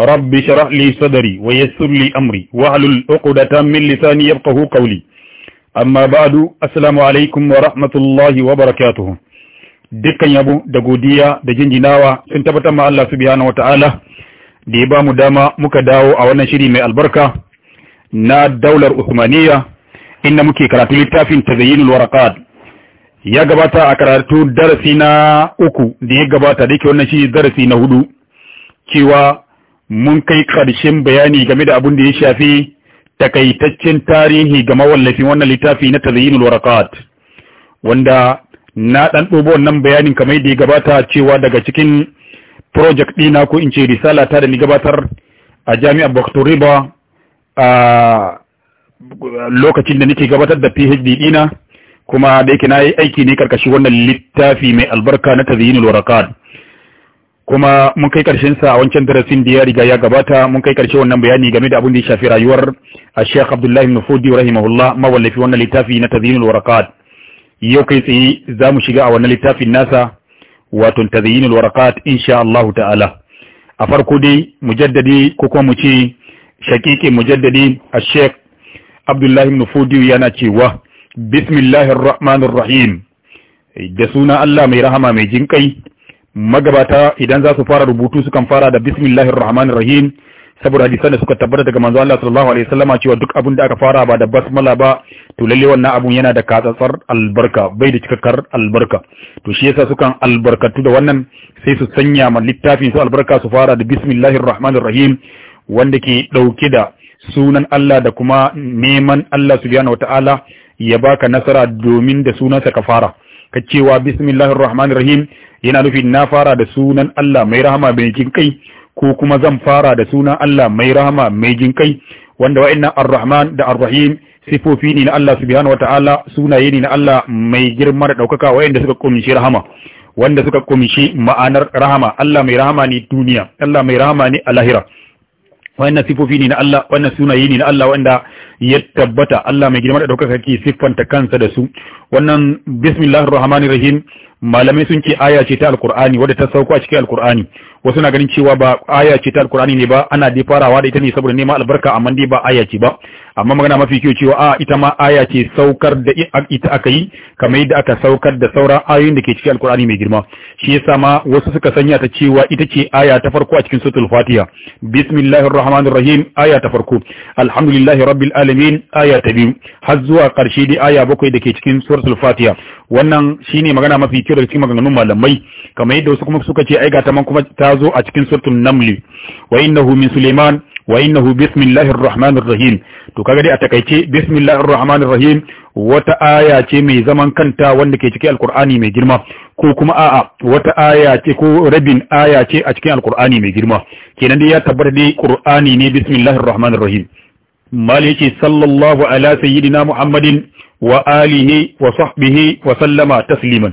رب شرح لي صدري ويسر لي أمري وعلل عقدة من لساني يبقه قولي أما بعد السلام عليكم ورحمة الله وبركاته dukkan yabo da godiya da jinjinawa sun tabbatar ma Allah subhanahu wataala da ya bamu dama muka dawo a wannan shiri mai albarka na daular Uthmaniyya inda muke karatu littafin Tazayyinul Waraqat ya gabata a karatu darasi na uku da ya gabata da yake wannan shi darasi na hudu cewa mun kai ƙarshen bayani game da abin da ya shafi takaitaccen tarihi ga mawallafin wannan littafi na tazyinul warakat wanda na ɗan ɗobo wannan bayanin kamar da ya gabata cewa daga cikin project ɗina ko in ce risala ta da ni gabatar a jami'ar Baktoriba a lokacin da nake gabatar da PhD ɗina kuma da yake na yi aiki ne karkashin wannan littafi mai albarka na tazyinul warakat kuma mun kai ƙarshen sa a wancan darasin da ya riga ya gabata mun kai karshe wannan bayani game da abin da ya shafi rayuwar Sheikh Abdullahi ibn Fudi rahimahullah mawallafi wannan littafi na Tazyinul Waraqat yau kai tsaye za mu shiga a wannan littafin nasa wato Tazyinul Waraqat insha Allah ta'ala a farko dai mujaddadi ko kuma mu ce shakiki mujaddadi Sheikh Abdullahi ibn yana cewa bismillahir rahmanir rahim da suna Allah mai rahama mai jinkai magabata idan za su fara rubutu sukan fara da bismillahir rahmanir rahim saboda hadisan da suka tabbata daga manzo Allah sallallahu alaihi wasallama cewa duk abin da aka fara ba da basmala ba to lalle wannan abun yana da katsatsar albarka bai da cikakkar albarka to shi yasa sukan albarkatu da wannan sai su sanya ma littafin su albarka su fara da bismillahir rahmanir rahim wanda ke dauke da sunan Allah da kuma neman Allah subhanahu ta'ala ya baka nasara domin da sunansa ka fara ka cewa bismillahir rahmanir rahim yana nufin na fara da sunan Allah mai rahama mai jinkai ko kuma zan fara da sunan Allah mai rahama mai jinkai wanda wa'annan ar-rahman da ar-rahim sifofi ne na Allah subhanahu wataala sunaye ne na Allah mai girma da daukaka wa'anda suka kunshi rahama wanda suka kunshi ma'anar rahama Allah mai rahama ne duniya Allah mai rahama ne a lahira wannan sifofi ne na Allah wannan sunaye ne na Allah wanda ya tabbata Allah mai girma da daukaka ke siffanta kansa da su wannan bismillahir rahmanir rahim malamai sun ce aya ce ta alkur'ani wadda ta sauko a cikin alkur'ani wasu na ganin cewa ba aya ce ta alkur'ani ne ba ana dai farawa da ita ne saboda nema albarka amma dai ba aya ce ba amma magana mafi kyau cewa a ita ma aya ce saukar da ita aka yi kamar yadda aka saukar da sauran ayoyin da ke cikin alkur'ani mai girma shi yasa ma wasu suka sanya ta cewa ita ce aya ta farko a cikin sutul fatiha bismillahir rahmanir rahim aya ta farko alhamdulillahi rabbil alamin aya ta biyu har zuwa karshe dai aya bakwai da ke cikin suratul fatiha wannan shine magana mafi kyau fito daga cikin maganganun malamai kamar yadda wasu kuma suka ce ai ga ta man kuma ta zo a cikin suratul naml wa innahu min suleiman wa innahu bismillahir rahmanir rahim to kaga dai a takaice bismillahir rahmanir rahim wata aya ce mai zaman kanta wanda ke cikin alkur'ani mai girma ko kuma a'a wata aya ce ko rabin aya ce a cikin alkur'ani mai girma kenan dai ya tabbata dai qur'ani ne bismillahir rahmanir rahim mal yace sallallahu ala sayyidina muhammadin wa alihi wa sahbihi wa sallama tasliman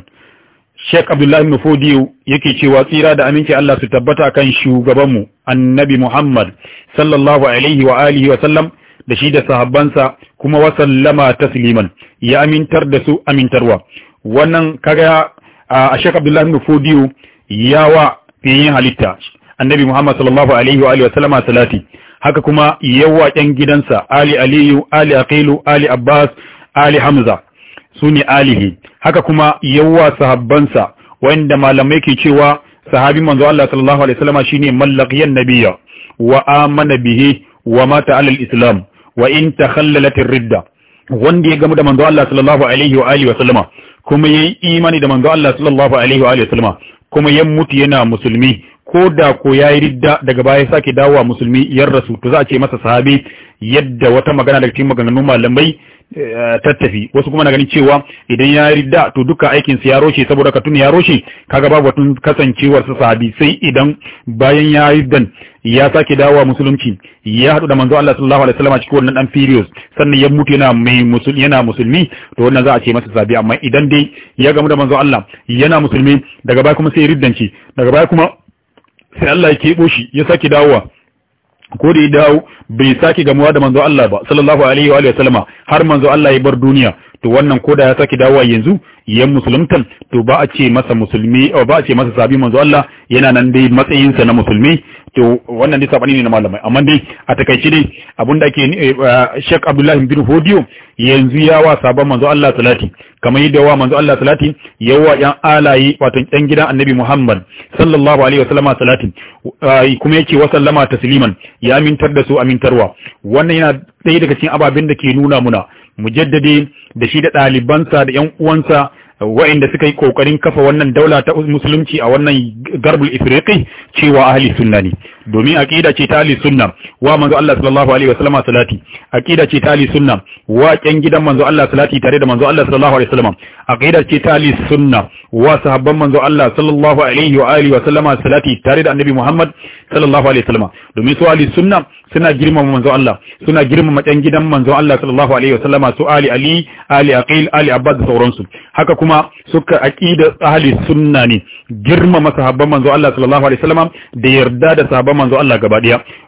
Sheikh Abdullahi ibn Fodiyo yake cewa tsira da aminci Allah su tabbata kan shugabanmu Annabi Muhammad sallallahu alaihi wa alihi wa sallam da shi da sahabbansa kuma wa sallama tasliman ya amintar da su amintarwa wannan kaga a Sheikh Abdullahi ibn ya wa fiyin halitta Annabi Muhammad sallallahu alaihi wa alihi wa sallama salati haka kuma yawa ƴan gidansa Ali Aliyu Ali Aqilu Ali Abbas Ali Hamza su ne alihi haka kuma yawa sahabbansa wanda malamai ke cewa sahabi manzo Allah sallallahu alaihi wasallam shine mallaqiyan nabiyya wa amana bihi wa mata alal islam wa in takhallalat ridda wanda ya gamu da manzo Allah sallallahu alaihi wa alihi wasallama kuma yayi imani da manzo Allah sallallahu alaihi wa alihi wasallama kuma ya mutu yana musulmi ko da ko yayi ridda daga baya sake dawowa musulmi yar rasu to za a ce masa sahabi yadda wata magana daga cikin maganganun malamai eh, tattafi wasu kuma na ganin cewa idan ya ridda to duka aikin sa ya roshe saboda katun ya roshe kaga babu tun kasancewar sa sahabi sai idan bayan ya riddan ya sake dawowa musulunci ya hadu da manzo Allah sallallahu alaihi wasallam a cikin wannan dan furious sannan ya mutu yana mai musulmi yana musulmi to wannan za a ce masa sahabi amma idan dai ya gamu da manzo Allah yana musulmi daga baya kuma sai ya riddanci daga baya kuma sai Allah ya kebo shi ya sake dawowa ko da ya dawo bai sake gamuwa da manzo Allah ba sallallahu alaihi wa alihi wasallama har manzo Allah ya bar duniya to wannan ko da ya sake dawowa yanzu yan musulmtan to ba a ce masa musulmi ba a ce masa sabi manzo Allah yana nan dai matsayinsa na musulmi to wannan dai sabani ne na malamai amma dai a takaice dai abin da ake eh, Sheikh Abdullahi bin Hodiyo yanzu ya wa sabon manzo Allah salati kamar yadda wa manzo Allah salati ya wa yan alayi wato yan gidan Annabi Muhammad sallallahu alaihi wasallam salati ah, kuma yake wa sallama tasliman ya amintar da su amintarwa wannan yana ɗaya daga cikin ababen da ke nuna muna mujaddadi da shi da ɗalibansa da yan uwansa wa'inda suka yi kokarin kafa wannan daula ta musulunci a wannan garbul ifriqi cewa ahli sunna ne domin aqida ce ta ahli sunna wa manzo Allah sallallahu alaihi wasallama salati aqida ce ta ahli sunna wa kyan gidan manzo Allah salati tare da manzo Allah sallallahu alaihi wasallama aqida ce ta ahli sunna wa sahabban manzo Allah sallallahu alaihi wa alihi wasallama salati tare da annabi Muhammad sallallahu alaihi wasallama domin su ahli sunna suna girmama manzo Allah suna girmama kyan gidan manzo Allah sallallahu alaihi wasallama su ali ali ali aqil ali abbas da sauransu haka kuma kuma suka aƙida ahli sunna ne girmama sahabban manzo Allah sallallahu alaihi wasallam da yarda da sahabban manzo Allah gaba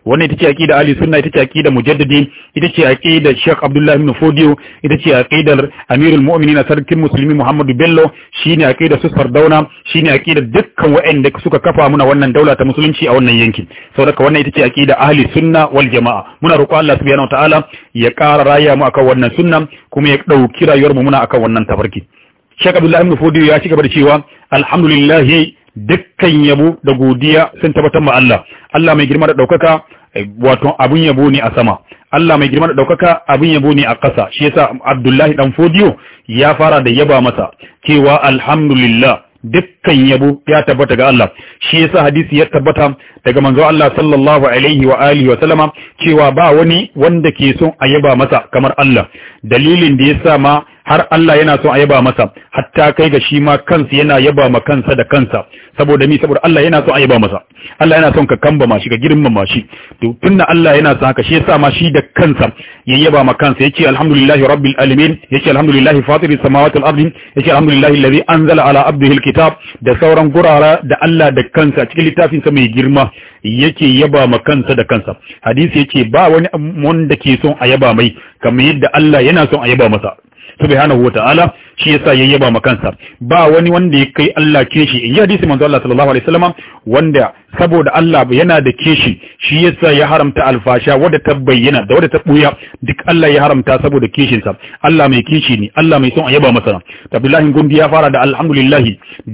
wannan ita ce aqida ahli sunna ita ce aqida mujaddidi ita ce aqida Sheikh Abdullah ibn Fodio ita ce aqidar Amirul Mu'minin sarkin musulmi Muhammadu Bello shine aqida su Sardauna shine aqida dukkan waɗanda suka kafa muna wannan daula ta musulunci a wannan yankin saboda wannan ita ce aqida ahli sunna wal jamaa muna roƙo Allah subhanahu wataala ya ƙara raya mu akan wannan sunna kuma ya ɗauki rayuwar mu muna akan wannan tafarki Sheikh Abdullahi Ibn Fodiyo ya ci gaba da cewa Alhamdulilahi dukkan yabo da godiya sun tabbatar ma Allah Allah mai girma da daukaka wato abun yabo ne a sama Allah mai girma da daukaka abun yabo ne a ƙasa shi yasa Abdullahi dan Fodiyo ya fara da yaba masa cewa alhamdulillah dukkan yabo ya tabbata ga Allah shi yasa hadisi ya tabbata daga manzo Allah sallallahu alaihi wa alihi wa sallama cewa ba wani wanda ke son a yaba masa kamar Allah dalilin da yasa ma har Allah yana so a yaba masa hatta kai ga shi ma kansa yana yaba ma kansa da kansa saboda mi saboda Allah yana so a yaba masa Allah yana son ka kambama shi ka girmama shi to tunda Allah yana son haka shi yasa ma shi da kansa ya yaba ma kansa yace alhamdulillahi rabbil alamin yace alhamdulillahi fatiris samawati wal ardi yace alhamdulillahi alladhi anzala ala abdihi alkitab da sauran gurara da Allah da kansa cikin littafin sa mai girma yake yaba ma kansa da kansa hadisi yake ba wani wanda ke son a yaba mai kamar yadda Allah yana son a yaba masa subhanahu wataala shi yasa ya yaba ma kansa ba wani wanda ya kai Allah keshi in ji hadisi manzo Allah sallallahu alaihi wasallam wanda saboda Allah yana da keshi shi yasa ya haramta alfasha wadda ta bayyana da wadda ta buya duk Allah ya haramta saboda keshin sa Allah mai keshi ne Allah mai son a yaba masa Abdullahi Gundi ya fara da alhamdulillah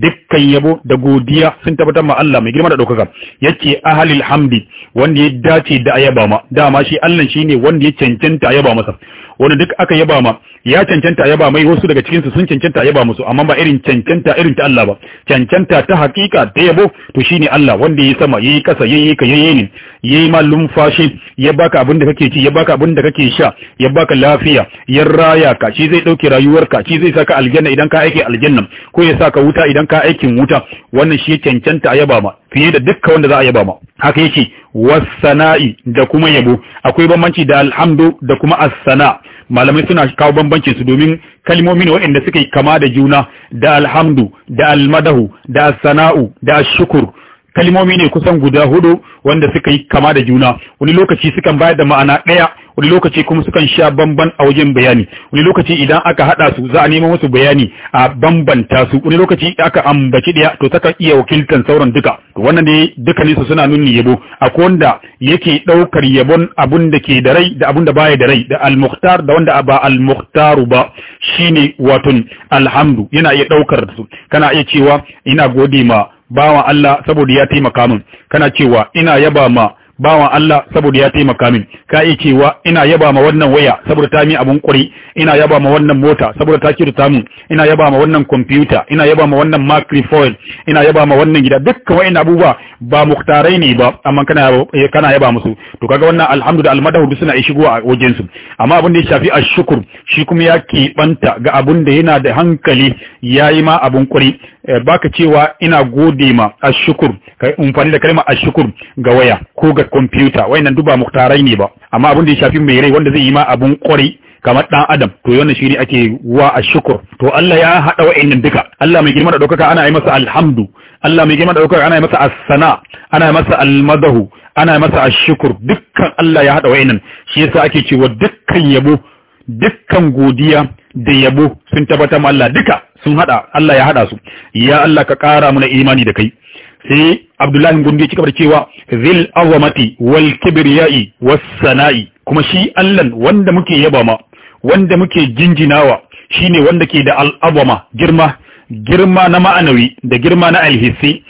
dukkan yabo da godiya sun tabbatar ma Allah mai girma da daukaka yake ahalil hamdi wanda ya dace da ayaba ma dama shi Allah shine wanda ya cancanta ayaba masa wani duk aka yaba ma ya cancanta yaba mai wasu daga cikin su sun cancanta yaba musu amma ba irin cancanta irin ta Allah ba cancanta ta hakika ta yabo to shine Allah wanda yayi sama yayi kasa yayi ka yayi ne yayi ma lumfashi ya baka abin da kake ci ya baka abin da kake sha ya baka lafiya ya raya ka shi zai dauke rayuwarka shi zai saka aljanna idan ka aike aljanna ko ya saka wuta idan ka aikin wuta wannan shi cancanta yaba ma fiye da dukkan wanda za a yaba ma haka yake wasana'i da kuma yabo akwai bambanci da alhamdu da kuma as malamai suna kawo bambancin su domin kalmomi ne waɗanda yi kama da juna da alhamdu da almadahu da asana'u da ashukur kalmomi ne kusan guda hudu wanda suka yi kama da juna wani lokaci sukan bayar da ma'ana ɗaya wani lokaci kuma sukan sha bamban a wajen bayani wani lokaci idan aka hada su za a nemo musu bayani a bambanta su wani lokaci aka ambaci daya to takan iya wakiltan sauran duka to wannan ne dukkanin su suna nuni yabo akwai wanda yake daukar yabon abun da ke da rai da abun da baya da rai da al-mukhtar da wanda ba al-mukhtaru ba shine watun alhamdu yana iya daukar su kana iya cewa ina gode ma bawa Allah saboda ya taimaka min kana cewa ina yaba ma bawan Allah saboda ya taimaka min ka yi cewa ina yaba ma wannan waya saboda ta mi abun kuri ina yaba ma wannan mota saboda ta kirta min ina yaba ma wannan computer ina yaba ma wannan microphone ina yaba ma wannan gida dukkan wa'in abubuwa ba muktarai ne ba amma kana eh, kana yaba musu to kaga wannan alhamdulillah almadahu duk suna shigo a wajen su amma abin da ya shafi ashkur shi kuma ya banta ga abun da yana da hankali yayi ma abun kuri eh, baka cewa ina gode ma ashkur kai amfani da kalmar ashkur ga waya ko ga kwamfuta wayannan duba muktarai ne ba amma abin da ya shafi mai rai wanda zai yi ma abun kwarai kamar dan adam to wannan shine ake wa ashkur to Allah ya hada wayannan duka Allah mai girma da daukaka ana yi masa alhamdu Allah mai girma da daukaka ana yi masa as-sana ana yi masa al-madahu ana yi masa ashkur dukkan Allah ya hada wayannan shi yasa ake cewa dukkan yabo dukkan godiya da yabo sun tabbata ma Allah duka sun hada Allah ya hada su ya Allah ka kara mana imani da kai sai abdullahi gundu ya ci gaba cewa zil azamati wal kibriyai was sana'i kuma shi allan wanda muke yaba ma wanda muke jinjinawa shine wanda ke da azama girma girma na ma'anawi da girma na alhissi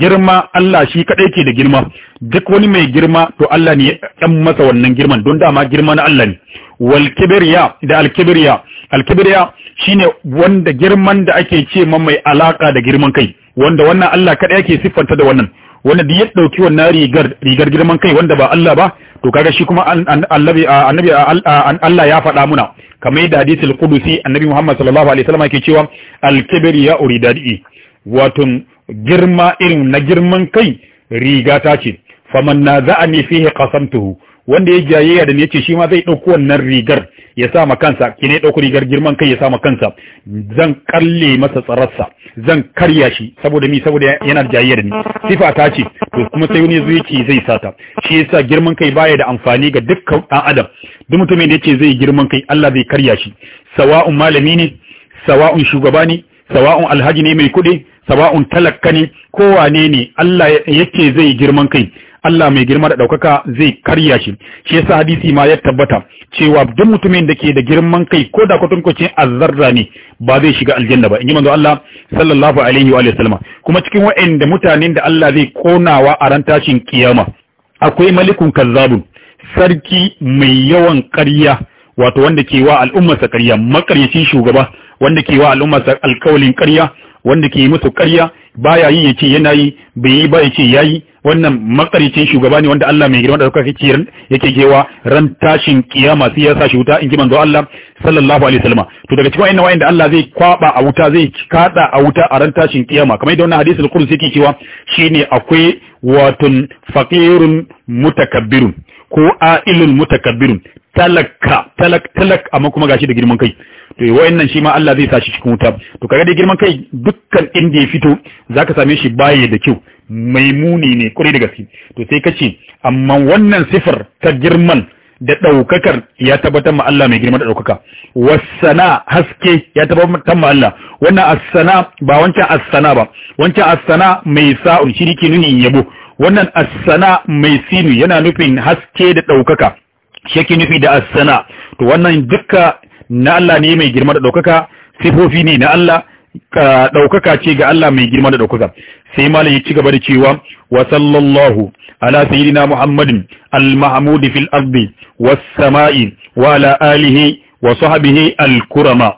girma Allah shi kadai ke da girma duk wani mai girma to Allah ne ya masa wannan girman don dama girma na Allah ne wal kibriya da al kibriya al kibriya shine wanda girman da ake ce ma mai alaka da girman kai wanda wannan Allah kada yake siffanta da wannan wanda da ya dauki wannan rigar rigar girman kai wanda ba Allah ba to kaga shi kuma annabi annabi Allah ya faɗa muna kamar yadda hadisul qudusi annabi Muhammad sallallahu alaihi wasallam yake cewa al ya ya uridadi wato girma irin na girman kai riga ta ce faman naza'ani fihi qasamtuhu wanda ya jayayya da ni yace shi ma zai dauko wannan rigar ya sa ma kansa ki ne ɗauko rigar girman kai ya sa ma kansa zan kalle masa tsararsa zan karya shi saboda mi saboda yana jayayya ni sifa ta ce to kuma sai wani zai yake zai sata shi yasa girman kai baya da amfani ga dukkan ɗan adam duk mutumin da yake zai girman kai Allah zai karya shi sawa'un malami ne sawa'un shugaba ne sawa'un alhaji ne mai kuɗi sawa'un talakka ne kowane ne Allah yake zai girman kai Allah mai girma da ɗaukaka zai karya shi shi yasa hadisi ma ya tabbata cewa duk mutumin da ke da girman kai ko da kwatankwacin azzarra ne ba zai shiga aljanna ba in ji manzo Allah sallallahu alaihi wa sallama kuma cikin waɗanda mutanen da Allah zai konawa a ran tashin kiyama akwai malikun kazzabun sarki mai yawan ƙarya wato wanda ke wa al'ummarsa ƙarya makaryacin shugaba wanda ke wa al'ummarsa alkawalin ƙarya wanda ke musu ƙarya baya yi ya ce yana yi bai yi ba ya yace yayi wannan makaricin shugaba ne wanda Allah mai girma da suka kake yake kewa ran tashin kiyama sai ya shi wuta in ji manzo Allah sallallahu alaihi wasallam to daga cikin wayannan da Allah zai kwaba a wuta zai kada a wuta a ran tashin kiyama kamar yadda wannan hadisi al-Qudsi yake cewa shine akwai watun faqirun mutakabbirun ko ailul mutakabbirun talaka talak talak amma kuma gashi da girman kai to wayannan shi ma Allah zai sa shi cikin wuta to kaga da girman kai dukkan inda ya fito zaka same shi baye da kyau maimuni ne kure da gaske to sai kace amma wannan sifar ta girman da ɗaukakar ya tabbatar ma Allah mai girman da ɗaukaka wasana haske ya tabbatar ma Allah wannan asana ba wancan asana ba wancan asana mai sa'un shirki ke nuni yabo wannan asana mai sinu yana nufin haske da ɗaukaka shi nufi da asana to wannan dukka na Allah ne mai girma da daukaka sifofi ne na Allah ɗaukaka ce ga Allah mai girma da ɗaukaka sai malam ya ci gaba da cewa wa sallallahu ala sayyidina muhammadin al-mahmud fil ardi was sama'i wa ala alihi wa sahbihi al-kurama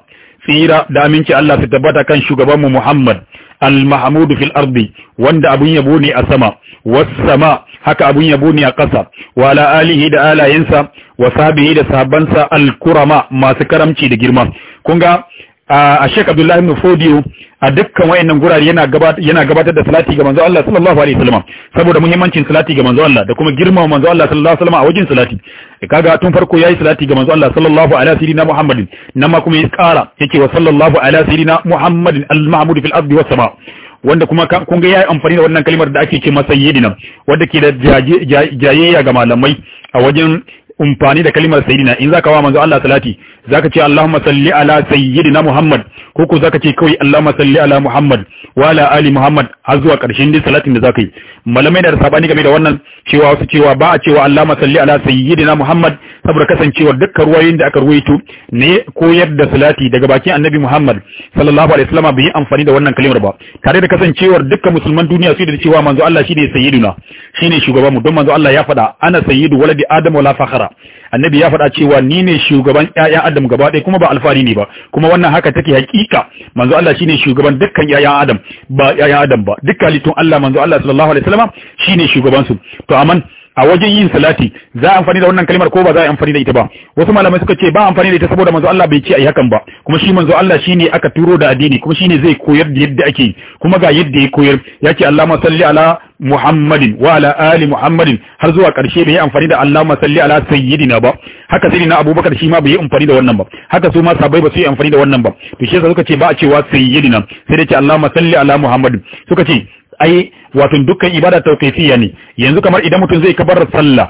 tsira da aminci Allah su tabbata kan shugaban mu Muhammad al fil ardi wanda abun yabo ne a sama was sama haka abun yabo ne a ƙasa wa ala alihi da alayensa wa sahbihi da sahabbansa al-kurama masu karamci da girma kun ga a Sheikh Abdullahi ibn Fodiyo a dukkan wayannan gurare yana gabatar yana gabatar da salati ga manzo Allah sallallahu alaihi wasallam saboda muhimmancin salati ga manzo Allah da kuma girmama manzo Allah sallallahu alaihi wasallam a wajen salati e, kaga tun farko yayi salati ga manzo Allah sallallahu ala sayyidina Muhammadin nan ma kuma ya kara yake wa sallallahu ala sayyidina Muhammadin al-mahmud fil ardi was sama wanda kuma kun ga yayi amfani da wannan kalmar da ake ce masa yidina wanda ke da jayayya ga malamai a wajen umfani da kalimar sayyidina in zaka wa manzo Allah salati zaka ce Allahumma salli ala sayyidina Muhammad ko ko zaka ce kawai Allahumma salli ala Muhammad wa ala ali Muhammad har zuwa karshen din salatin da zaka yi malamai da sabani game da wannan cewa wasu cewa ba a cewa allah masalli ala sayyidina Muhammad saboda kasancewar dukkan ruwayoyin da aka ruwaito ne koyar da salati daga bakin Annabi Muhammad sallallahu alaihi wasallam bai amfani da wannan kalimar ba tare da kasancewar dukkan musulman duniya su da cewa manzo Allah shine sayyiduna shine shugaban mu don manzo Allah ya faɗa ana sayyidu waladi adam wala fakhara annabi ya faɗa cewa ni ne shugaban ƴaƴan adam gaba ɗaya kuma ba alfari ne ba kuma wannan haka take hakika manzo Allah shine shugaban dukkan ƴaƴan adam ba ƴaƴan adam ba dukkan halittun Allah manzo Allah sallallahu alaihi wasallam shine shugaban su to amman a wajen yin salati za a amfani da wannan kalmar ko ba za a amfani da ita ba wasu malamai suka ce ba amfani da ita saboda manzo Allah bai ce ayi hakan ba kuma shi manzo Allah shine aka turo da addini kuma shine zai koyar da yadda ake kuma ga yadda ya koyar yace Allahumma salli ala Muhammadin wa ala ali Muhammadin har zuwa karshe bai amfani da Allahumma salli ala sayyidina ba haka sayyidina Abubakar shi ma bai amfani da wannan ba haka su ma sabai ba su yi amfani da wannan ba to shi yasa suka ce ba a cewa sayyidina sai dai ce Allahumma salli ala Muhammadin suka ce ai wato dukkan ibada tawqifiyya ne yanzu kamar idan mutum zai kabar sallah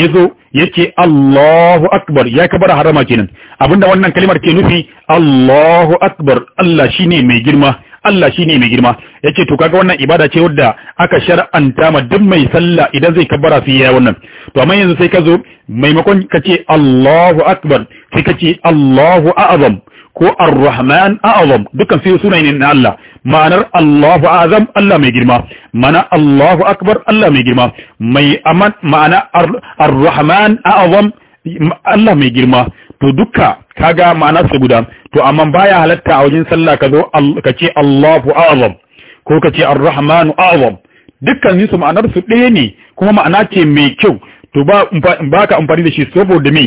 yazo yace Allahu akbar ya kabar harama kenan abinda wannan kalmar ke nufi Allahu akbar Allah shine mai girma Allah shine mai girma yace to kaga wannan ibada ce wadda aka shar'anta ma duk mai sallah idan zai kabara fi ya wannan to amma yanzu sai ka zo maimakon ka ce, Allahu akbar sai ce, Allahu a'zam ko ar-rahman a'zam dukan su sunaye ne na Allah ma'anar Allahu azam Allah mai girma mana Allahu akbar Allah mai girma mai aman ma'ana ar-rahman a'zam Allah mai girma to duka kaga ma'ana su guda to amma baya halatta a wajen sallah ka zo ka ce Allahu a'zam ko ka ce ar-rahman a'zam dukkan su ma'anar su ɗaya ne kuma ma'ana ce mai kyau to ba ba ka amfani da shi saboda me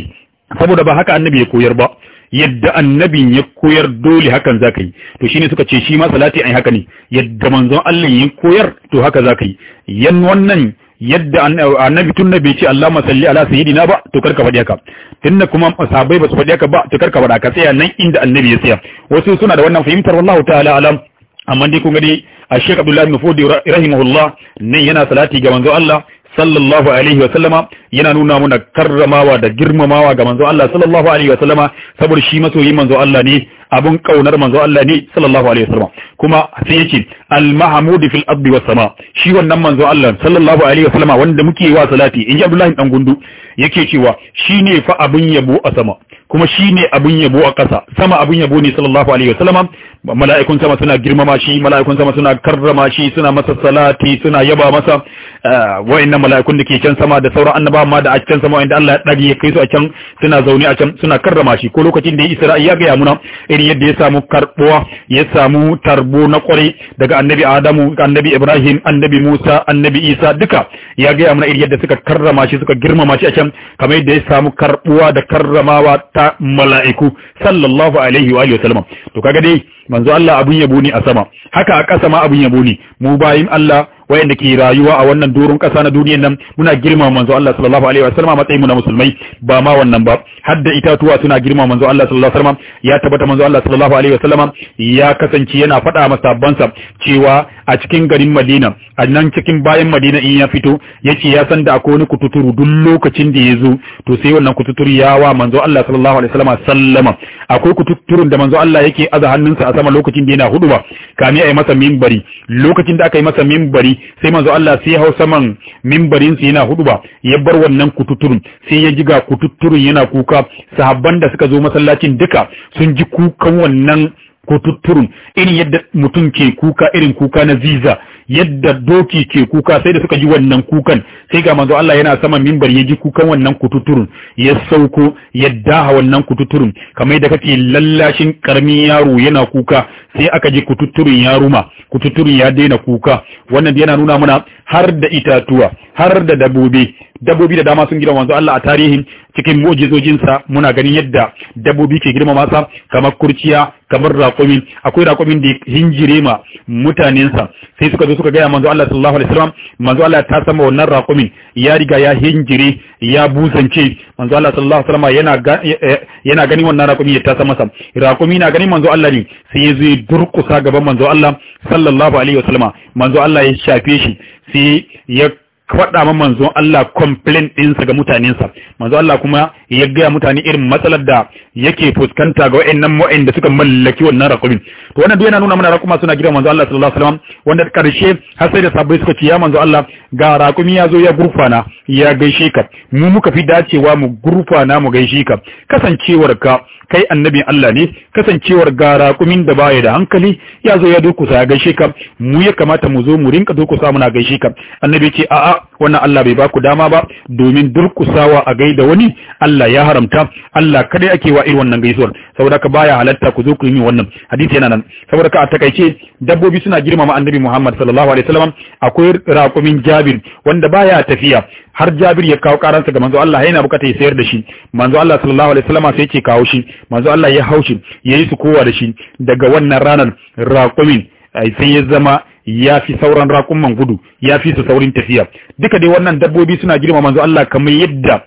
saboda ba haka annabi ya koyar ba yadda annabin ya koyar dole hakan zaka yi to shine suka ce shi ma salati ai haka ne yadda manzon Allah ya koyar to haka zaka yi yan wannan yadda annabi tun bai ce Allahumma salli ala sayidina ba to karka faɗi haka tunda kuma sahabbai ba su faɗi haka ba to karka faɗi haka tsaya nan inda annabi ya tsaya wasu suna da wannan fahimtar wallahu ta'ala alam amma dai kun gadi a Sheikh Abdullah bin Fudi rahimahullah nan yana salati ga manzon Allah sallallahu alaihi wa sallama yana nuna muna karramawa da girmamawa ga manzo Allah sallallahu alaihi wa sallama saboda shi masoyin manzo Allah ne abun kaunar manzo Allah ne sallallahu alaihi wa sallama kuma sai yace al mahmud fil ardi was sama shi wannan manzo Allah sallallahu alaihi wa sallama wanda muke wa salati inji Abdullahi dan gundu yake cewa shine fa abun yabo a sama kuma shi ne abin yabo a ƙasa sama abin yabo ne sallallahu alaihi wasallama mala'ikun sama suna girmama shi mala'ikun sama suna karrama shi suna masa salati suna yaba masa eh, wa'annan mala'ikun da ke can sama da sauran annaba Amma da a can sama wa'anda Allah ya dage ya kai su a can suna zaune a can suna karrama shi ko lokacin da ya Isra'i ya gaya muna irin yadda ya samu karbuwa ya samu tarbo na kwarai daga annabi Adamu annabi Ibrahim annabi Musa annabi Isa duka ya gaya muna irin yadda suka karrama shi suka girmama shi a can kamar yadda ya samu karbuwa da karramawa ta mala'iku sallallahu alaihi wa alihi wasallam to kaga dai manzo Allah abun yabo ne a sama haka a ƙasa ma abun yabo ne mu bayin Allah wayanda ke rayuwa a wannan doron ƙasa na duniyar nan muna girma manzo Allah sallallahu alaihi wa a matsayin mu na musulmai ba ma wannan ba har da itatuwa suna girma manzo Allah sallallahu alaihi Sallama. ya tabbata manzo Allah sallallahu alaihi Sallama ya kasance yana faɗa masa sabbansa cewa a cikin garin Madina a nan cikin bayan Madina in ya fito yace ya san da akwai wani kututuru duk lokacin da ya zo to sai wannan kututuru ya wa manzo Allah sallallahu alaihi wa sallama akwai kututurun da manzo Allah yake aza hannunsa a sama lokacin da yana huduba kame ai masa minbari lokacin da aka yi masa minbari sai manzo Allah sai ya hau saman mimbarin sa yana huduba ya bar wannan kututturun sai ya jiga kututturun yana kuka sahabban da suka zo masallacin duka sun ji kukan wannan ko tutturun irin yadda mutum ke kuka irin kuka na visa yadda doki ke kuka sai da suka ji wannan kukan sai ga manzo Allah yana saman mimbar ya ji kukan wannan kututturun ya sauko ya daha wannan kututturun kamar yadda kake lallashin karamin yaro yana kuka sai aka ji kututturun ya ruma kututturun ya daina kuka wannan yana nuna mana har da itatuwa har da dabobi dabobi da dama sun gina manzo Allah a tarihin cikin mojizojinsa muna ganin yadda dabbobi ke girma masa kamar kurciya kamar raƙumi akwai raƙumin da hinjire ma mutanensa sai suka zo suka gaya manzo Allah sallallahu alaihi wasallam manzo Allah ta sama wannan raƙumin ya riga ya hinjire ya busance manzo Allah sallallahu alaihi wasallam yana eh, eh, yana ganin wannan raƙumi ya ta sama sa raƙumi na ganin manzo Allah ne sai ya zo ya durƙusa gaban manzo Allah sallallahu alaihi wasallam manzo Allah ya shafe shi sai ya faɗa ma manzon Allah complaint ɗinsa ga mutanensa manzon Allah kuma ya gaya mutane irin matsalar da yake fuskanta ga wa'annan da suka mallaki wannan raƙumin to wannan duk yana nuna mana raƙuma suna gidan manzon Allah sallallahu alaihi wasallam wanda karshe har sai da sabbai suka ce ya manzon Allah ga raƙumi ya zo ya gurfana ya gaishe ka mu muka fi dacewa mu gurfana mu gaishe ka kasancewar ka kai annabin Allah ne kasancewar ga raƙumin da baya da hankali ya zo ya durkusa ya gaishe ka mu ya kamata mu zo mu rinka durkusa muna gaishe ka annabi ce a'a wannan Allah bai baku dama ba domin durkusawa a gaida wani Allah ya haramta Allah kadai ake wa irin wannan gaisuwar saboda ka baya halatta ku zo ku yi wannan hadisi yana nan saboda ka a takaice dabbobi suna girmama annabi Muhammad sallallahu alaihi wasallam akwai raƙumin Jabir wanda baya tafiya har Jabir ya kawo karansa ga manzo Allah yana bukata ya sayar da shi manzo Allah sallallahu alaihi wasallam sai ce kawo shi manzo Allah ya haushi yayi su kowa da shi daga wannan ranar raƙumin eh, sai ya zama ya fi sauran raƙumman gudu ya fi su saurin tafiya duka dai wannan dabbobi suna girma manzo Allah kamar yadda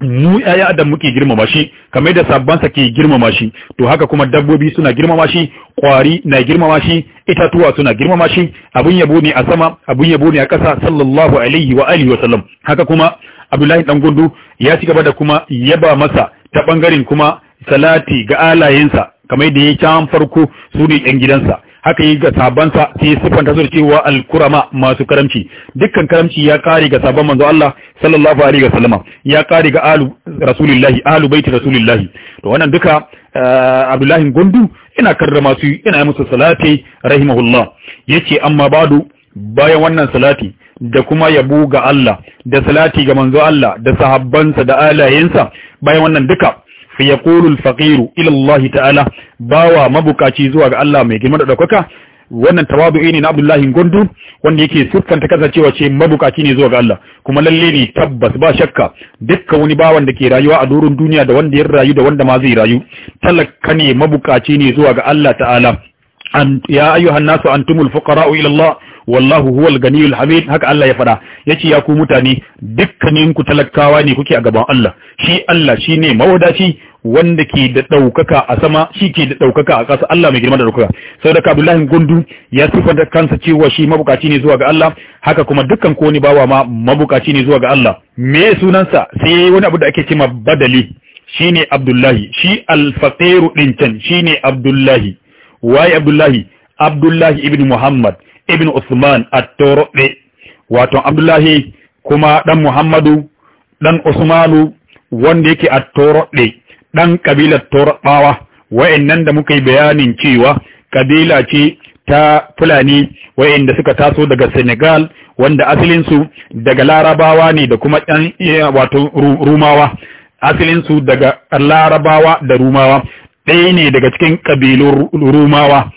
mu ƴaƴa adam muke girmama shi kamar yadda sa ke girmama shi to haka kuma dabbobi suna girmama shi Ƙwari na girmama shi itatuwa suna girmama shi abun yabo ne a sama abun yabo ne a ƙasa sallallahu alaihi wa alihi wa sallam haka kuma Abdullahi dan gundu ya ci gaba da kuma yaba masa ta bangaren kuma salati ga alayensa kamar da ya can farko su ne yan gidansa haka yi ga sabansa sai ya siffanta su da cewa alkurama masu karamci dukkan karamci ya kare ga sabon manzo Allah sallallahu alaihi wasallama ya kare ga alu rasulillahi alu baiti rasulillahi to wannan duka eh, Abdullahi Gundu ina karrama su ina yi musu salati rahimahullah yace amma badu bayan wannan salati da kuma yabo ga Allah da salati ga manzo Allah da sahabbansa da alayensa bayan wannan duka fi yaqulu al-faqir ila Ba ta'ala bawa mabukaci zuwa ga Allah mai girma da daukaka wannan tawadu'i ne na Abdullahi Gondu wanda yake siffanta kasancewa ce mabukaci ne zuwa ga Allah kuma lalle ne tabbas ba shakka dukkan wani bawan da ke rayuwa a doron duniya da wanda ya rayu da wanda ma zai rayu talaka ne mabukaci ne zuwa ga Allah ta'ala ya ayyuhan nasu antumul fuqara'u ila Allah wallahu huwal ganiyul hamid haka Allah ya fada yace ya ku mutane dukkanin ku talakawa ne kuke a gaban Allah shi Allah shine mawadaci wanda ke da daukaka a sama shi ke da daukaka a ƙasa Allah mai girma da daukaka saudaka Abdullahi Gundu ya sifanta kansa cewa shi mabukaci ne zuwa ga Allah haka kuma dukkan ko ni bawa ma mabukaci ne zuwa ga Allah me sunansa sai wani abu da ake cewa badali shine Abdullahi shi al-faqiru din can shine Abdullahi waye Abdullahi Abdullahi ibn Muhammad ibn Usman at-Turbi wato Abdullahi kuma dan Muhammadu dan Usmanu wanda yake at-Turbi dan kabilar Turbawa wayannan da muka yi bayanin cewa kabila ce ta Fulani wayanda suka taso daga Senegal wanda asalinsu daga Larabawa ne da kuma ɗan eh, wato Rumawa asalinsu daga Larabawa da Rumawa ɗaya ne daga cikin ƙabilun Rumawa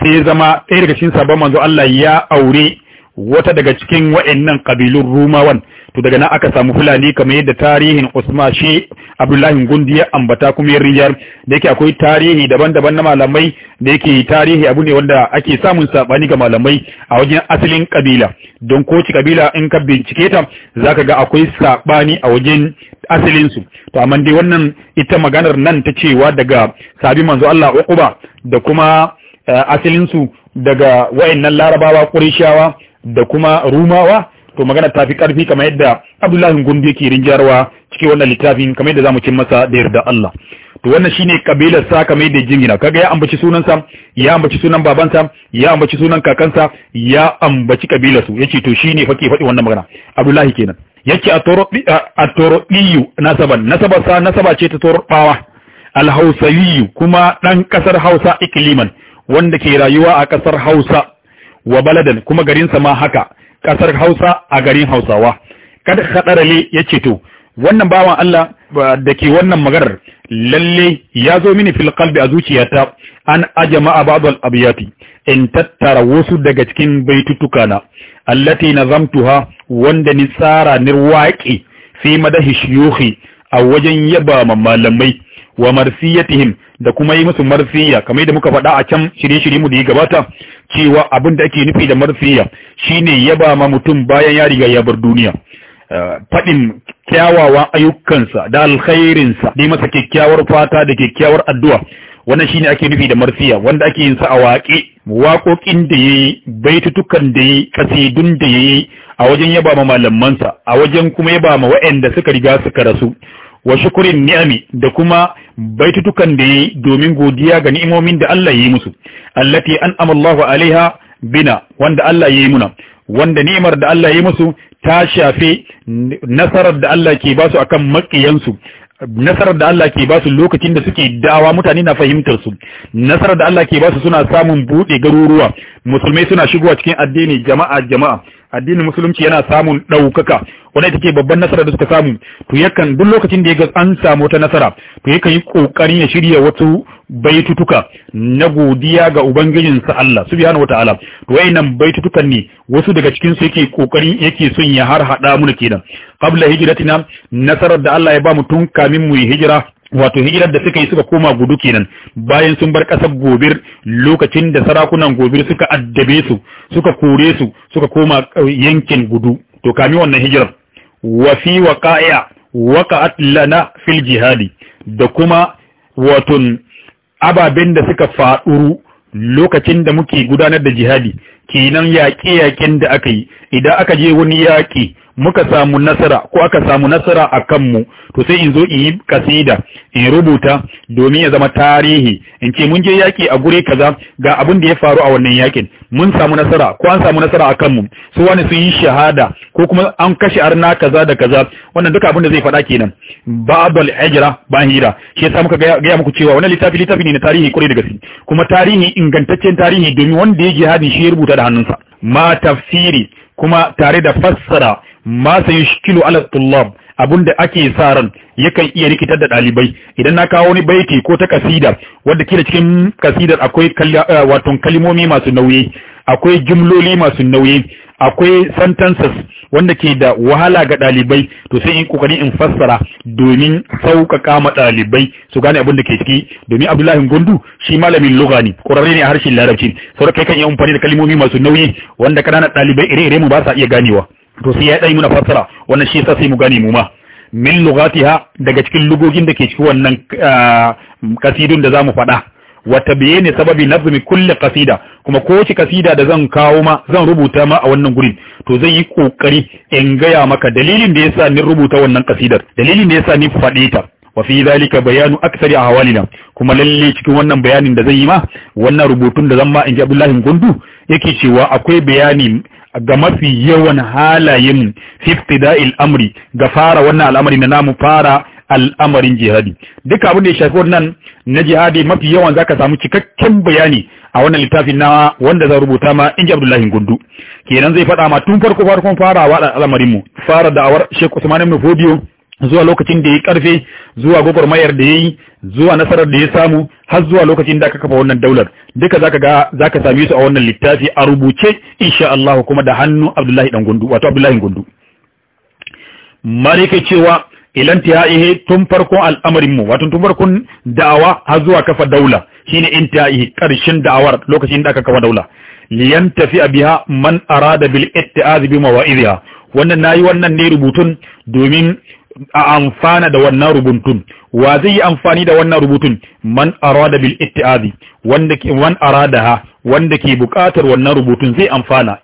sai zama ɗaya daga cikin sabon manzo Allah ya aure wata daga cikin wa'annan kabilun Rumawan to daga nan aka samu Fulani kamar yadda tarihin Usman shi Abdullahi Gundi ya ambata kuma ya riyar da yake akwai tarihi daban-daban na malamai da yake tarihi abu ne wanda ake samun sabani ga malamai a wajen asalin kabila don ko ci kabila in ka bincike ta zaka ga akwai sabani a wajen asalin su to amma dai wannan ita maganar nan ta cewa daga sabi manzo Allah Uquba da kuma Eh, asalinsu daga wayannan larabawa ƙurishawa da kuma rumawa to magana ta fi ƙarfi kamar yadda abdullahi gundu yake rinjarwa cikin wannan littafin kamar yadda zamu cin masa da yarda Allah to wannan shine kabilar sa kamar yadda jingina kaga ya ambaci sunansa ya ambaci sunan babansa ya ambaci sunan kakansa ya ambaci kabilar su yace to shine fa ke faɗi wannan magana abdullahi kenan yake a torobiyu nasaban nasabarsa nasaba ce ta torobawa alhausawiyu kuma ɗan ƙasar hausa ikiliman wanda ke rayuwa a ƙasar Hausa wa baladan kuma garinsa ma haka ƙasar Hausa a garin Hausawa kada kaɗarale ya ce to wannan bawan Allah da ke wannan maganar lalle ya zo mini fil qalbi a zuciyata an ajama'a ba'd al abyati in tattara wasu daga cikin baitutuka na allati nazamtuha wanda ni tsara ni waƙi fi madahi shuyukhi a wajen yaba malamai wa marsiyatihim da kuma yi musu marsiya kamar yadda muka faɗa a can shirye-shirye mu da ya gabata cewa abin da ake nufi da marsiya shine yaba ma mutum bayan ya riga ya bar duniya eh, faɗin kyawawan ayyukansa da alkhairinsa da masa kyakkyawar fata da kyakkyawar addu'a wannan shine ake nufi da marsiya wanda ake yin sa a waƙe waƙoƙin da ya yayi baitutukan da ya yi, kasidun da ya yi, a wajen yaba ma malamansa a wajen kuma yaba ma wa'anda suka riga suka rasu wa shukurin ni'ami da kuma baitutukan da yi domin godiya ga ni'imomin da Allah yi musu allati an Amallahu alaiha bina wanda Allah yi muna wanda ni'imar da Allah yi musu ta shafe nasarar da Allah ke basu akan makiyansu nasarar da Allah ke ba su lokacin da suke dawa mutane na fahimtar su nasarar da Allah ke ba su suna samun buɗe garuruwa musulmai suna shigowa cikin addini jama'a jama'a addinin musulunci yana samun ɗaukaka wadda ita babban nasara da suka samu to yakan duk lokacin da ya ga an samu ta nasara to yakan yi kokarin ya shirya wasu baitutuka na godiya ga ubangijin sa Allah subhanahu wataala to wayannan baitutukan ne wasu daga cikin su yake kokarin yake son ya har hada mu kenan qabla hijratina nasarar da Allah ya ba mu tun kamin mu hijira wato hijirar da suka yi suka koma gudu kenan bayan sun bar ƙasar gobir lokacin da sarakunan gobir suka addabe su suka kore su suka koma yankin gudu to kami wannan hijirar wa fi waqa'a waqa'at lana fil jihadi da kuma wato ababen da suka faɗuru lokacin da muke gudanar da jihadi kenan yaƙe-yaƙen da aka yi idan aka je wani yaƙi muka samu nasara ko aka samu nasara a kanmu to sai in zo in yi kasida in rubuta domin ya zama tarihi in ce mun je yaƙi a gure kaza ga abin da ya faru a wannan yaƙin mun samu nasara ko an samu nasara a kanmu su wani sun yi shahada ko kuma an kashe arna kaza da kaza wannan duka abin da zai faɗa kenan babal ajra ban hira shi yasa muka gaya muku cewa wannan littafi littafi ne na tarihi kwarai da gaske kuma tarihi ingantaccen tarihi domin wanda ya jihadin shi ya rubuta da hannunsa ma tafsiri kuma tare da fassara ma sai shikilu ala tullab abinda ake sa ran yakan iya rikitar da dalibai idan na kawo wani baiti ko ta kasida wanda kira cikin kasidar akwai eh, wato kalimomi masu nauyi akwai jumloli masu nauyi akwai sentences wanda ke da wahala ga ɗalibai to sai in kokari in fassara domin sauƙaƙa ma ɗalibai su gane abin da ke ciki domin abdullahi gundu shi malamin lugha ne ƙwararre ne a harshen larabci saboda kai kan iya amfani da kalmomi masu nauyi wanda ƙananan ɗalibai ire-ire mu ba sa iya ganewa to sai ya ɗan muna fassara wannan shi yasa sai mu gane mu ma min lugatiha daga cikin lugogin da ke cikin wannan ah, kasidun da zamu faɗa wa tabyini sababi nazmi kulli qasida kuma ko ci kasida da zan kawo ma zan rubuta ma a wannan gurin to zan yi kokari in gaya maka dalilin da yasa ni rubuta wannan kasidar dalilin da yasa ni faɗe ta wa fi zalika bayanu aktsari ahwalina kuma lalle cikin wannan bayanin da zan yi ma wannan rubutun da zan ma inji Abdullahi Gundu yake cewa akwai bayani ga mafi yawan halayen fi ibtida'il amri ga fara wannan al'amari na namu fara al'amarin jihadi duka abin da ya shafi wannan na jihadi mafi yawan zaka samu cikakken bayani a wannan littafin na wanda zan rubuta ma inji Abdullahi Gundu kenan zai faɗa ma tun farko farkon farawa da al'amarin mu fara awar Sheikh Usman ibn Fodio zuwa lokacin da ya karfe zuwa mayar da ya yi zuwa nasarar da ya samu har zuwa lokacin da aka kafa wannan daular duka zaka ga zaka same su a wannan littafi a rubuce insha Allah kuma da hannu Abdullahi dan Gundu wato Abdullahi Gundu mare kai cewa ilan tiyaihi tun farkon al'amarinmu wato tun farkon da'awa har zuwa kafa daula shine intihaihi karshen da'awar lokacin da aka kafa daula liyan tafi biha man arada bil ittiaz bi mawa'idha wannan nayi wannan ne rubutun domin a amfana da wannan rubutun wa zai yi amfani da wannan rubutun man arada bil ittiazi wanda ke man ha wanda ke bukatar wannan rubutun zai amfana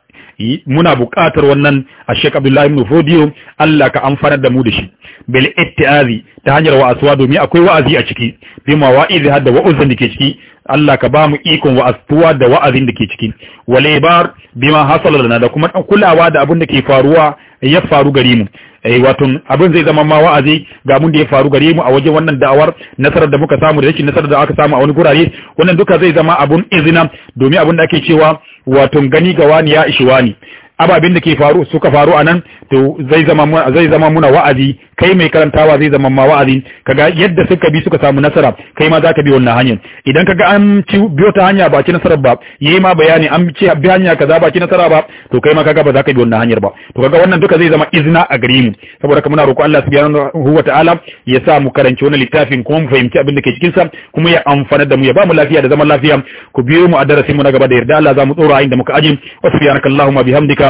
muna buƙatar wannan a Sheikh Abdullahi ibn Fodiyo Allah ka amfanar da mu da shi bil ittiazi ta hanyar wa'azuwa domin akwai wa'azi a ciki bi wa'izi hadda wa'uzan da ke ciki Allah ka ba mu ikon wa'azuwa da wa'azin da ke ciki walibar bima hasala lana da kuma kulawa da abin da ke faruwa ya faru gare mu eh wato abin zai zama ma wa'azi ga mun da ya faru gare mu a wajen wannan da'awar nasarar da muka samu da rashin nasarar da aka samu a wani gurare wannan duka zai zama abun izina domin abin da ake cewa waton gani ga wani ya ishi wani ababin da ke faru suka faru anan to zai zama zai zama muna wa'azi kai mai karantawa zai zama ma wa'azi kaga yadda suka bi suka samu nasara kai ma zaka bi wannan hanyar idan kaga an ci biyo ta hanya ba ci nasara ba yayi ma bayani an ci bi hanya kaza ba ci nasara ba to kai ma kaga ba zaka bi wannan hanyar ba to kaga wannan duka zai zama izna a gare mu saboda kuma muna roƙo Allah subhanahu ta'ala ya sa mu karanci wannan littafin kuma mu fahimci abin da ke cikin sa kuma ya amfana da mu ya ba mu lafiya da zaman lafiya ku biyo mu a darasin mu na gaba da yarda Allah za mu tsora inda muka aje wa subhanakallahumma bihamdika